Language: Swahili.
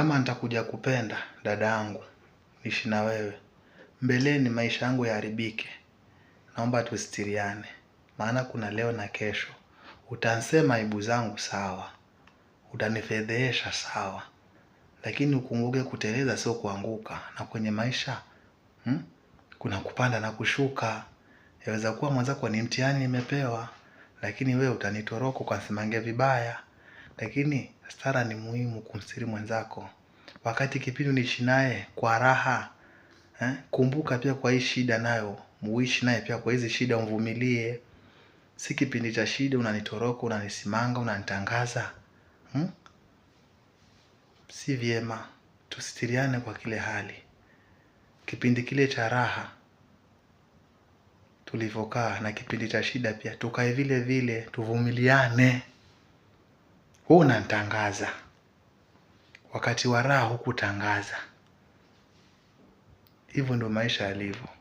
Kama nitakuja kupenda dada yangu, niishi na wewe mbeleni, maisha yangu yaharibike, naomba tusitiriane, maana kuna leo na kesho. Utansema aibu zangu sawa, utanifedhehesha sawa, lakini ukumbuke kuteleza sio kuanguka, na kwenye maisha hmm, kuna kupanda na kushuka. Yaweza kuwa mwenzako ni mtihani nimepewa, lakini wewe utanitoroka simange vibaya, lakini sara ni muhimu kumstiri mwenzako wakati kipindi unaishi naye kwa raha eh? Kumbuka pia kwa hii shida nayo muishi naye pia kwa hizi shida, umvumilie. Si kipindi cha shida unanitoroka, unanisimanga, unanitangaza hmm? Si vyema, tusitiriane kwa kile hali kipindi kile cha raha tulivyokaa na kipindi cha shida pia tukae vile vile, tuvumiliane wewe unantangaza wakati wa raha hukutangaza. Hivyo ndio maisha yalivyo.